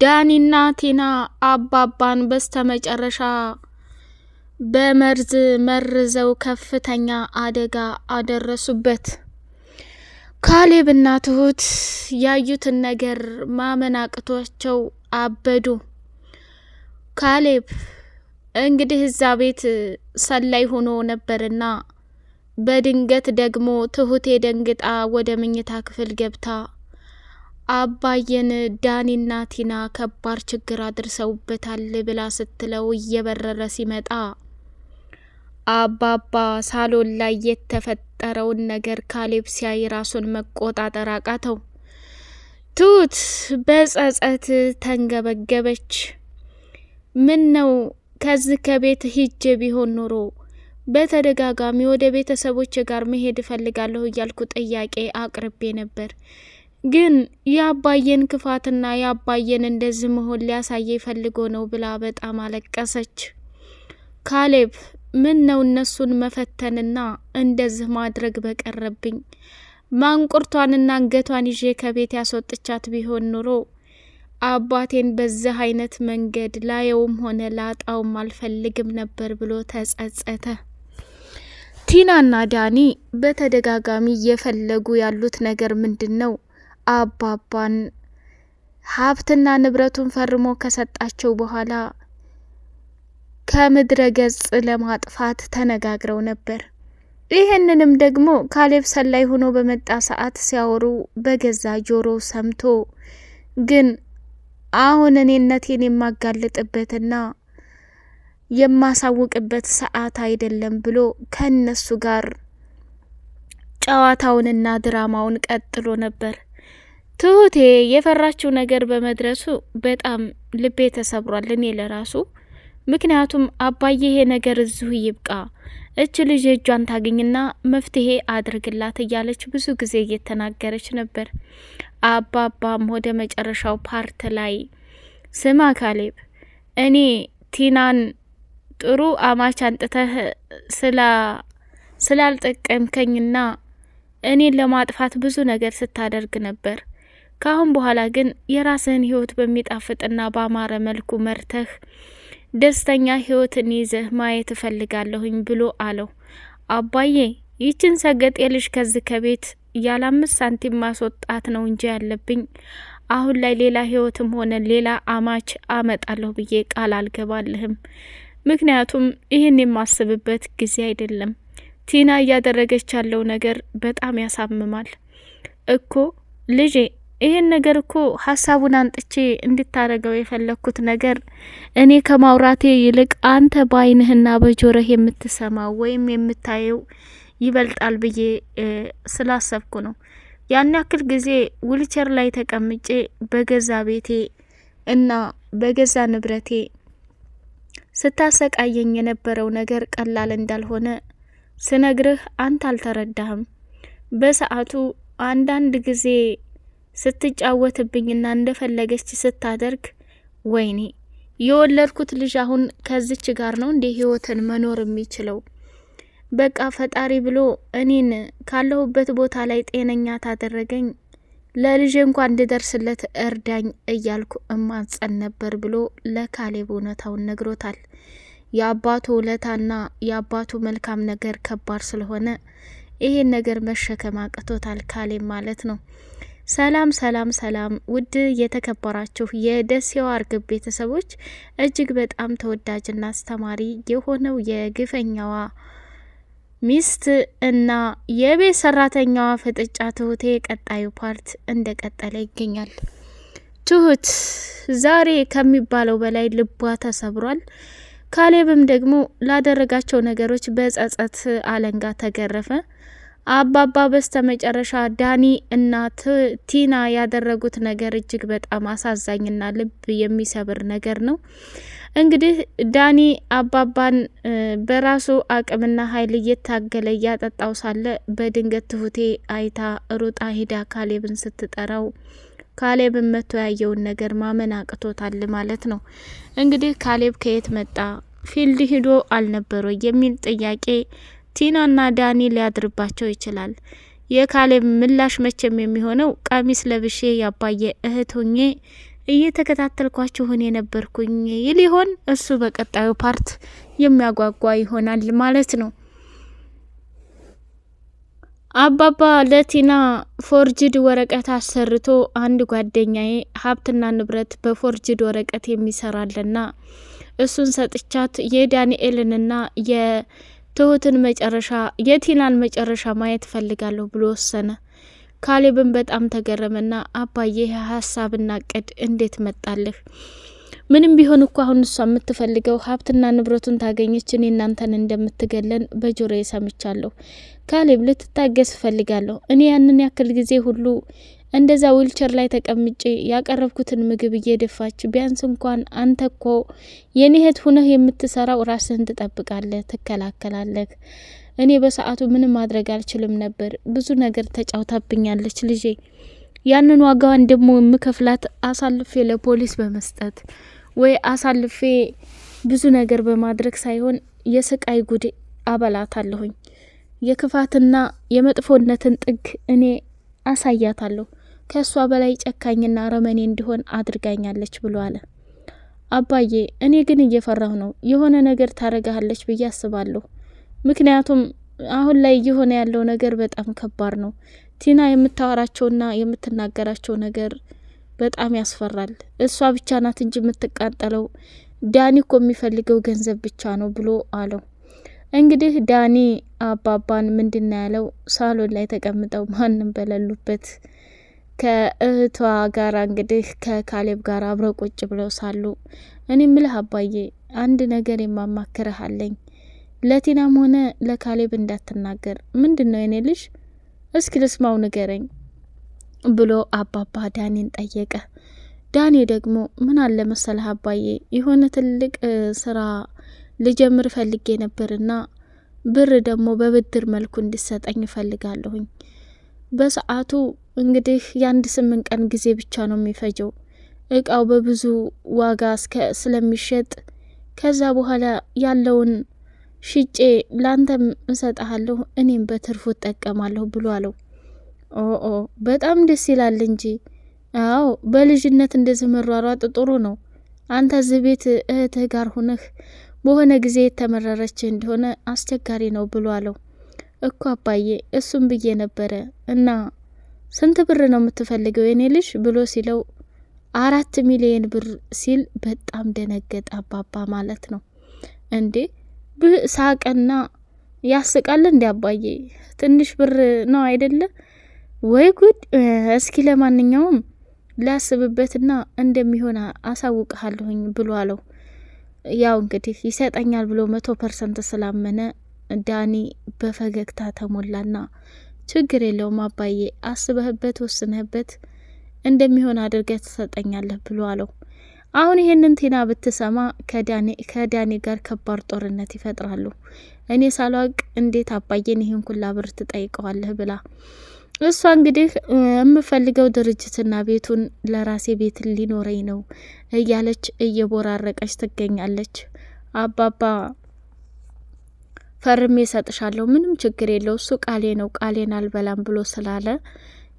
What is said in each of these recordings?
ዳኒና ቲና አባባን በስተመጨረሻ በመርዝ መርዘው ከፍተኛ አደጋ አደረሱበት። ካሌብና ትሁት ያዩትን ነገር ማመን አቅቷቸው አበዱ። ካሌብ እንግዲህ እዛ ቤት ሰላይ ሆኖ ነበርና በድንገት ደግሞ ትሁቴ ደንግጣ ወደ መኝታ ክፍል ገብታ አባየን ዳኒና ቲና ከባድ ችግር አድርሰውበታል ብላ ስትለው እየበረረ ሲመጣ አባባ ሳሎን ላይ የተፈጠረውን ነገር ካሌብ ሲያይ ራሱን መቆጣጠር አቃተው። ትሁት በጸጸት ተንገበገበች። ምን ነው ከዚህ ከቤት ሂጄ ቢሆን ኖሮ በተደጋጋሚ ወደ ቤተሰቦች ጋር መሄድ እፈልጋለሁ እያልኩ ጥያቄ አቅርቤ ነበር ግን የአባዬን ክፋትና የአባዬን እንደዚህ መሆን ሊያሳየ ፈልጎ ነው ብላ በጣም አለቀሰች። ካሌብ ምን ነው እነሱን መፈተንና እንደዚህ ማድረግ በቀረብኝ። ማንቁርቷንና አንገቷን ይዤ ከቤት ያስወጥቻት ቢሆን ኑሮ አባቴን በዚህ አይነት መንገድ ላየውም ሆነ ላጣውም አልፈልግም ነበር ብሎ ተጸጸተ። ቲናና ዳኒ በተደጋጋሚ እየፈለጉ ያሉት ነገር ምንድን ነው? አባባን ሀብትና ንብረቱን ፈርሞ ከሰጣቸው በኋላ ከምድረ ገጽ ለማጥፋት ተነጋግረው ነበር። ይህንንም ደግሞ ካሌብ ሰላይ ሆኖ በመጣ ሰዓት ሲያወሩ በገዛ ጆሮ ሰምቶ ግን አሁን እኔነቴን የማጋልጥበትና የማሳውቅበት ሰዓት አይደለም ብሎ ከእነሱ ጋር ጨዋታውንና ድራማውን ቀጥሎ ነበር። ትሁቴ የፈራችው ነገር በመድረሱ በጣም ልቤ ተሰብሯል፣ እኔ ለራሱ ምክንያቱም አባዬ ይሄ ነገር እዚሁ ይብቃ፣ እች ልጅ እጇን ታገኝና መፍትሄ አድርግላት እያለች ብዙ ጊዜ እየተናገረች ነበር። አባባም ወደ መጨረሻው ፓርት ላይ ስማ ካሌብ፣ እኔ ቲናን ጥሩ አማች አንጥተህ ስላልጠቀምከኝና እኔን ለማጥፋት ብዙ ነገር ስታደርግ ነበር ከአሁን በኋላ ግን የራስህን ህይወት በሚጣፍጥና ባማረ መልኩ መርተህ ደስተኛ ህይወትን ይዘህ ማየት እፈልጋለሁኝ ብሎ አለው። አባዬ ይችን ሰገጤ ልጅ ከዚህ ከቤት ያለ አምስት ሳንቲም ማስወጣት ነው እንጂ ያለብኝ አሁን ላይ ሌላ ህይወትም ሆነ ሌላ አማች አመጣለሁ ብዬ ቃል አልገባልህም። ምክንያቱም ይህን የማስብበት ጊዜ አይደለም። ቲና እያደረገች ያለው ነገር በጣም ያሳምማል እኮ ልጄ ይሄን ነገር እኮ ሀሳቡን አንጥቼ እንድታደርገው የፈለግኩት ነገር እኔ ከማውራቴ ይልቅ አንተ በአይንህና በጆሮህ የምትሰማው ወይም የምታየው ይበልጣል ብዬ ስላሰብኩ ነው። ያን ያክል ጊዜ ዊልቸር ላይ ተቀምጬ በገዛ ቤቴ እና በገዛ ንብረቴ ስታሰቃየኝ የነበረው ነገር ቀላል እንዳልሆነ ስነግርህ አንተ አልተረዳህም። በሰዓቱ አንዳንድ ጊዜ ስትጫወትብኝና እንደፈለገች ስታደርግ ወይኔ የወለድኩት ልጅ አሁን ከዚች ጋር ነው እንዴ ህይወትን መኖር የሚችለው? በቃ ፈጣሪ ብሎ እኔን ካለሁበት ቦታ ላይ ጤነኛ ታደረገኝ ለልጄ እንኳ እንድደርስለት እርዳኝ እያልኩ እማጸን ነበር ብሎ ለካሌብ እውነታውን ነግሮታል። የአባቱ ውለታና የአባቱ መልካም ነገር ከባድ ስለሆነ ይሄን ነገር መሸከም አቅቶታል ካሌብ ማለት ነው። ሰላም ሰላም ሰላም! ውድ የተከበራችሁ የደሴዋ እርግብ ቤተሰቦች እጅግ በጣም ተወዳጅና አስተማሪ የሆነው የግፈኛዋ ሚስት እና የቤት ሰራተኛዋ ፍጥጫ ትሁቴ ቀጣዩ ፓርት እንደ ቀጠለ ይገኛል። ትሁት ዛሬ ከሚባለው በላይ ልቧ ተሰብሯል። ካሌብም ደግሞ ላደረጋቸው ነገሮች በጸጸት አለንጋ ተገረፈ። አባባ በስተ መጨረሻ ዳኒ እና ቲና ያደረጉት ነገር እጅግ በጣም አሳዛኝና ልብ የሚሰብር ነገር ነው። እንግዲህ ዳኒ አባባን በራሱ አቅምና ኃይል እየታገለ እያጠጣው ሳለ በድንገት ትሁቴ አይታ ሩጣ ሂዳ ካሌብን ስትጠራው ካሌብን መጥቶ ያየውን ነገር ማመን አቅቶታል ማለት ነው። እንግዲህ ካሌብ ከየት መጣ ፊልድ ሂዶ አልነበረ የሚል ጥያቄ ቲናና ዳኒ ሊያድርባቸው ይችላል። የካሌብ ምላሽ መቼም የሚሆነው ቀሚስ ለብሼ ያባየ እህት ሆኜ ሆን የነበርኩኝ ይሆን? እሱ በቀጣዩ ፓርት የሚያጓጓ ይሆናል ማለት ነው። አባባ ለቲና ፎርጅድ ወረቀት አሰርቶ አንድ ጓደኛዬ ሀብትና ንብረት በፎርጅድ ወረቀት የሚሰራለና እሱን ሰጥቻት የዳንኤልንና ትሁትን መጨረሻ የቲናን መጨረሻ ማየት እፈልጋለሁ ብሎ ወሰነ። ካሌብን በጣም ተገረመና አባዬ ሀሳብና ቅድ እንዴት መጣልህ? ምንም ቢሆን እኮ አሁን እሷ የምትፈልገው ሀብትና ንብረቱን ታገኘች፣ እኔ እናንተን እንደምትገለን በጆሮ ሰምቻለሁ። ካሌብ ልትታገስ እፈልጋለሁ። እኔ ያንን ያክል ጊዜ ሁሉ እንደዛ ዊልቸር ላይ ተቀምጬ ያቀረብኩትን ምግብ እየደፋች ቢያንስ እንኳን አንተ ኮ የኔ እህት ሁነህ የምትሰራው ራስህን ትጠብቃለህ፣ ትከላከላለህ። እኔ በሰዓቱ ምንም ማድረግ አልችልም ነበር። ብዙ ነገር ተጫውታብኛለች ልጄ። ያንን ዋጋዋን ደግሞ የምከፍላት አሳልፌ ለፖሊስ በመስጠት ወይ አሳልፌ ብዙ ነገር በማድረግ ሳይሆን የስቃይ ጉድ አበላታለሁኝ። የክፋትና የመጥፎነትን ጥግ እኔ አሳያታለሁ። ከእሷ በላይ ጨካኝና ረመኔ እንዲሆን አድርጋኛለች ብሎ አለ። አባዬ እኔ ግን እየፈራሁ ነው። የሆነ ነገር ታረጋሃለች ብዬ አስባለሁ። ምክንያቱም አሁን ላይ እየሆነ ያለው ነገር በጣም ከባድ ነው። ቲና የምታወራቸውና የምትናገራቸው ነገር በጣም ያስፈራል። እሷ ብቻ ናት እንጂ የምትቃጠለው፣ ዳኒ እኮ የሚፈልገው ገንዘብ ብቻ ነው ብሎ አለው። እንግዲህ ዳኒ አባባን ምንድን ነው ያለው? ሳሎን ላይ ተቀምጠው ማንም በሌሉበት ከእህቷ ጋር እንግዲህ ከካሌብ ጋር አብረው ቁጭ ብለው ሳሉ እኔ ምልህ አባዬ አንድ ነገር የማማክርህ አለኝ። ለቲናም ሆነ ለካሌብ እንዳትናገር። ምንድን ነው የኔ ልጅ? እስኪ ልስማው ንገረኝ ብሎ አባባ ዳኔን ጠየቀ። ዳኔ ደግሞ ምን አለ መሰለህ አባዬ፣ የሆነ ትልቅ ስራ ልጀምር ፈልጌ ነበርና ብር ደግሞ በብድር መልኩ እንዲሰጠኝ እፈልጋለሁኝ በሰዓቱ እንግዲህ የአንድ ስምንት ቀን ጊዜ ብቻ ነው የሚፈጀው እቃው በብዙ ዋጋ እስከ ስለሚሸጥ ከዛ በኋላ ያለውን ሽጬ ላንተም እሰጠሃለሁ እኔም በትርፉ እጠቀማለሁ ብሎ አለው። ኦኦ በጣም ደስ ይላል እንጂ። አዎ በልጅነት እንደዚህ መሯሯጥ ጥሩ ነው። አንተ እዚህ ቤት እህትህ ጋር ሁነህ በሆነ ጊዜ የተመረረች እንደሆነ አስቸጋሪ ነው ብሎ አለው። እኮ አባዬ እሱም ብዬ ነበረ እና ስንት ብር ነው የምትፈልገው የኔ ልጅ ብሎ ሲለው አራት ሚሊየን ብር ሲል በጣም ደነገጠ አባባ ማለት ነው። እንዴ ብሳቀና ያስቃል። እንዲ አባዬ ትንሽ ብር ነው አይደለ ወይ ጉድ! እስኪ ለማንኛውም ላስብበትና እንደሚሆን አሳውቅሃለሁኝ ብሎ አለው። ያው እንግዲህ ይሰጠኛል ብሎ መቶ ፐርሰንት ስላመነ ዳኒ በፈገግታ ተሞላና ችግር የለውም አባዬ፣ አስበህበት ወስነህበት እንደሚሆን አድርገህ ትሰጠኛለህ ብሎ አለው። አሁን ይሄንን ቲና ብትሰማ ከዳኔ ጋር ከባድ ጦርነት ይፈጥራሉ። እኔ ሳላውቅ እንዴት አባዬን ይህን ኩላ ብር ትጠይቀዋለህ ብላ እሷ እንግዲህ የምፈልገው ድርጅትና ቤቱን ለራሴ ቤት ሊኖረኝ ነው እያለች እየቦራረቀች ትገኛለች። አባባ ፈርሜ እሰጥሻለሁ፣ ምንም ችግር የለው እሱ ቃሌ ነው ቃሌን አልበላም ብሎ ስላለ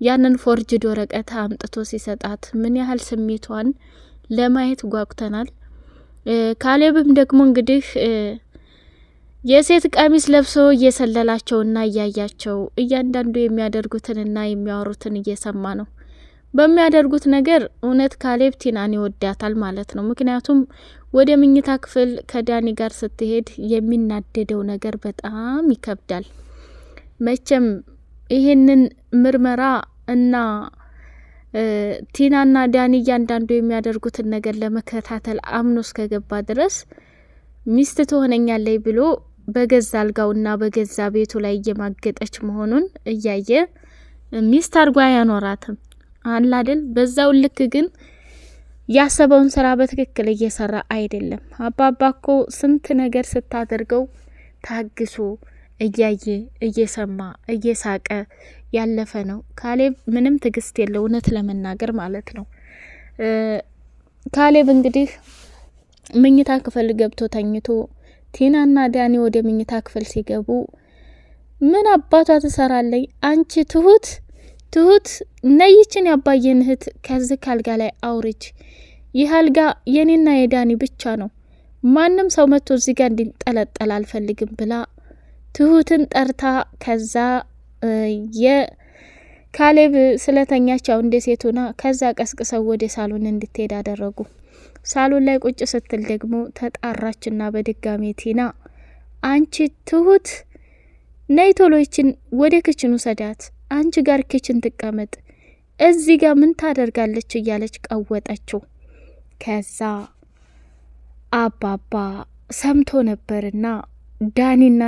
ያንን ፎርጅድ ወረቀት አምጥቶ ሲሰጣት ምን ያህል ስሜቷን ለማየት ጓጉተናል። ካሌብም ደግሞ እንግዲህ የሴት ቀሚስ ለብሶ እየሰለላቸውና እያያቸው እያንዳንዱ የሚያደርጉትንና የሚያወሩትን እየሰማ ነው። በሚያደርጉት ነገር እውነት ካሌብ ቲናን ይወዳታል ማለት ነው። ምክንያቱም ወደ ምኝታ ክፍል ከዳኒ ጋር ስትሄድ የሚናደደው ነገር በጣም ይከብዳል። መቼም ይህንን ምርመራ እና ቲናና ዳኒ እያንዳንዱ የሚያደርጉትን ነገር ለመከታተል አምኖ እስከገባ ድረስ ሚስት ትሆነኛለይ ብሎ በገዛ አልጋውና በገዛ ቤቱ ላይ እየማገጠች መሆኑን እያየ ሚስት አድርጓ አያኖራትም። አላደል በዛው ልክ ግን ያሰበውን ስራ በትክክል እየሰራ አይደለም። አባባ እኮ ስንት ነገር ስታደርገው ታግሶ እያየ እየሰማ እየሳቀ ያለፈ ነው። ካሌብ ምንም ትዕግስት የለው እውነት ለመናገር ማለት ነው። ካሌብ እንግዲህ ምኝታ ክፍል ገብቶ ተኝቶ ቲናና ዳኒ ወደ ምኝታ ክፍል ሲገቡ ምን አባቷ ትሰራለኝ አንቺ ትሁት ትሁት ነይችን ያባየን እህት ከዚህ ካልጋ ላይ አውርጅ። ይህ አልጋ የኔና የዳኒ ብቻ ነው፣ ማንም ሰው መጥቶ እዚህ ጋር እንዲንጠለጠል አልፈልግም ብላ ትሁትን ጠርታ ከዛ የካሌብ ስለተኛቸው እንደ ሴቱና ከዛ ቀስቅሰው ወደ ሳሎን እንድትሄድ አደረጉ። ሳሎን ላይ ቁጭ ስትል ደግሞ ተጣራችና በድጋሜ ቲና አንቺ ትሁት ነይ ቶሎ ወደ ክችን ውሰዳት አንቺ ጋር ኪችን ትቀመጥ፣ እዚህ ጋር ምን ታደርጋለች እያለች ቀወጠችው። ከዛ አባባ ሰምቶ ነበርና ዳኒና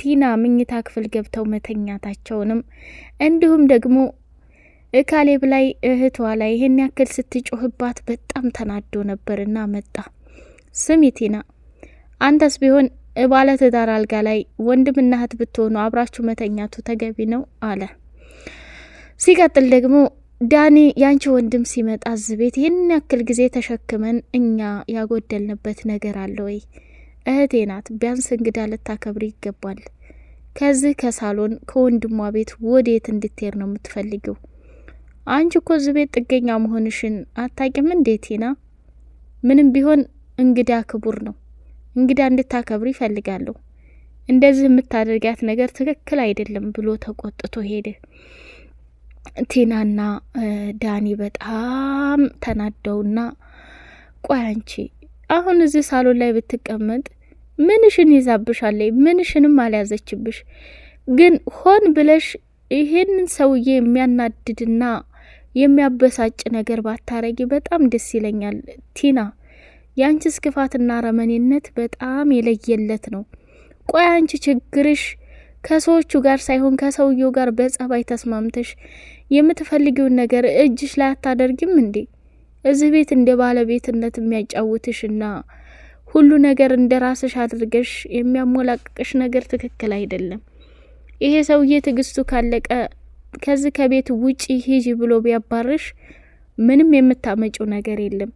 ቲና ምኝታ ክፍል ገብተው መተኛታቸውንም እንዲሁም ደግሞ እካሌብ ላይ እህቷ ላይ ይህን ያክል ስትጮህባት በጣም ተናዶ ነበርና መጣ። ስሚ ቲና፣ አንተስ ቢሆን ባለ አልጋ ላይ ወንድምና እህት ብትሆኑ አብራችሁ መተኛቱ ተገቢ ነው አለ። ሲቀጥል ደግሞ ዳኒ ያንቺ ወንድም ሲመጣ ዝ ቤት ይህን ያክል ጊዜ ተሸክመን እኛ ያጎደልንበት ነገር አለ ወይ? እህቴ ናት፣ ቢያንስ እንግዳ ልታከብር ይገባል። ከዚህ ከሳሎን ከወንድሟ ቤት ወዴት እንድትሄድ ነው የምትፈልገው አንቺ እኮ እዚህ ቤት ጥገኛ መሆንሽን አታቂም እንዴ ቲና? ምንም ቢሆን እንግዳ ክቡር ነው። እንግዳ እንድታከብር ይፈልጋለሁ። እንደዚህ የምታደርጋት ነገር ትክክል አይደለም ብሎ ተቆጥቶ ሄደ። ቲናና ዳኒ በጣም ተናደውና ቆይ አንቺ አሁን እዚህ ሳሎን ላይ ብትቀመጥ ምንሽን ይዛብሻለይ? ምንሽንም አልያዘችብሽ። ግን ሆን ብለሽ ይህንን ሰውዬ የሚያናድድና የሚያበሳጭ ነገር ባታረጊ በጣም ደስ ይለኛል። ቲና፣ የአንቺስ ክፋትና ረመኔነት በጣም የለየለት ነው። ቆይ አንቺ ችግርሽ ከሰዎቹ ጋር ሳይሆን ከሰውየው ጋር በጸባይ ተስማምተሽ የምትፈልጊውን ነገር እጅሽ ላይ አታደርጊም እንዴ? እዚህ ቤት እንደ ባለቤትነት የሚያጫውትሽና ሁሉ ነገር እንደ ራስሽ አድርገሽ የሚያሞላቅቅሽ ነገር ትክክል አይደለም። ይሄ ሰውዬ ትዕግስቱ ካለቀ ከዚህ ከቤት ውጪ ሂጂ ብሎ ቢያባርሽ ምንም የምታመጪው ነገር የለም።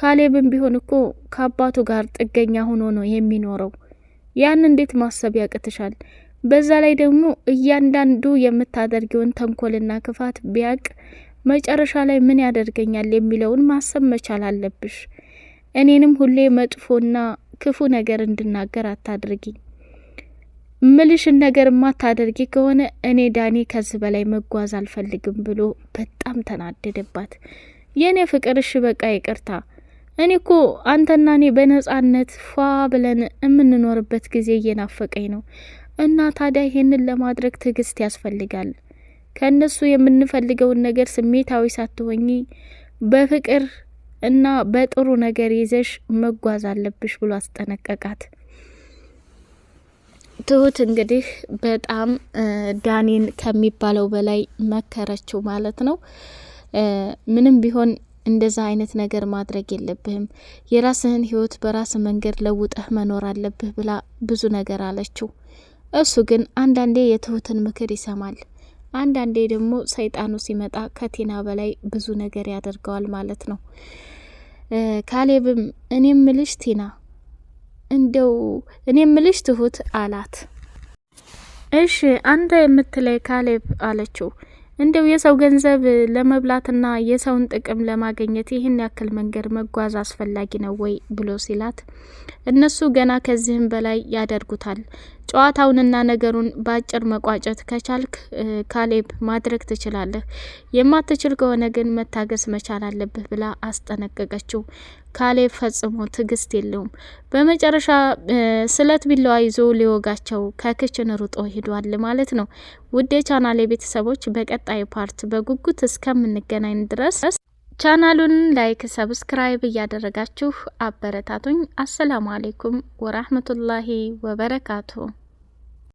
ካሌብም ቢሆን እኮ ከአባቱ ጋር ጥገኛ ሆኖ ነው የሚኖረው። ያን እንዴት ማሰብ ያቅትሻል? በዛ ላይ ደግሞ እያንዳንዱ የምታደርጊውን ተንኮልና ክፋት ቢያቅ መጨረሻ ላይ ምን ያደርገኛል የሚለውን ማሰብ መቻል አለብሽ። እኔንም ሁሌ መጥፎና ክፉ ነገር እንድናገር አታድርጊ። ምልሽን ነገር ማታደርጊ ከሆነ እኔ ዳኒ ከዚህ በላይ መጓዝ አልፈልግም ብሎ በጣም ተናደደባት። የእኔ ፍቅር እሺ በቃ ይቅርታ እኔ እኮ አንተና እኔ በነጻነት ፏ ብለን የምንኖርበት ጊዜ እየናፈቀኝ ነው። እና ታዲያ ይሄንን ለማድረግ ትዕግስት ያስፈልጋል። ከእነሱ የምንፈልገውን ነገር ስሜታዊ ሳትሆኚ በፍቅር እና በጥሩ ነገር ይዘሽ መጓዝ አለብሽ ብሎ አስጠነቀቃት። ትሁት እንግዲህ በጣም ዳኔን ከሚባለው በላይ መከረችው ማለት ነው። ምንም ቢሆን እንደዛ አይነት ነገር ማድረግ የለብህም፣ የራስህን ህይወት በራስ መንገድ ለውጠህ መኖር አለብህ ብላ ብዙ ነገር አለችው። እሱ ግን አንዳንዴ የትሁትን ምክር ይሰማል፣ አንዳንዴ ደግሞ ሰይጣኑ ሲመጣ ከቴና በላይ ብዙ ነገር ያደርገዋል ማለት ነው። ካሌብም እኔ ምልሽ ቴና እንደው እኔ ምልሽ ትሁት አላት። እሺ አንተ የምትለይ ካሌብ አለችው። እንደው የሰው ገንዘብ ለመብላትና የሰውን ጥቅም ለማግኘት ይህን ያክል መንገድ መጓዝ አስፈላጊ ነው ወይ ብሎ ሲላት፣ እነሱ ገና ከዚህም በላይ ያደርጉታል ጨዋታውንና ነገሩን በአጭር መቋጨት ከቻልክ ካሌብ ማድረግ ትችላለህ። የማትችል ከሆነ ግን መታገስ መቻል አለብህ ብላ አስጠነቀቀችው። ካሌብ ፈጽሞ ትዕግስት የለውም። በመጨረሻ ስለት ቢላዋ ይዞ ሊወጋቸው ከክችን ሩጦ ሂዷል ማለት ነው። ውድ የቻናሌ ቤተሰቦች በቀጣይ ፓርት በጉጉት እስከምንገናኝ ድረስ ቻናሉን ላይክ፣ ሰብስክራይብ እያደረጋችሁ አበረታቱኝ። አሰላሙ አሌይኩም ወራህመቱላሂ ወበረካቱ።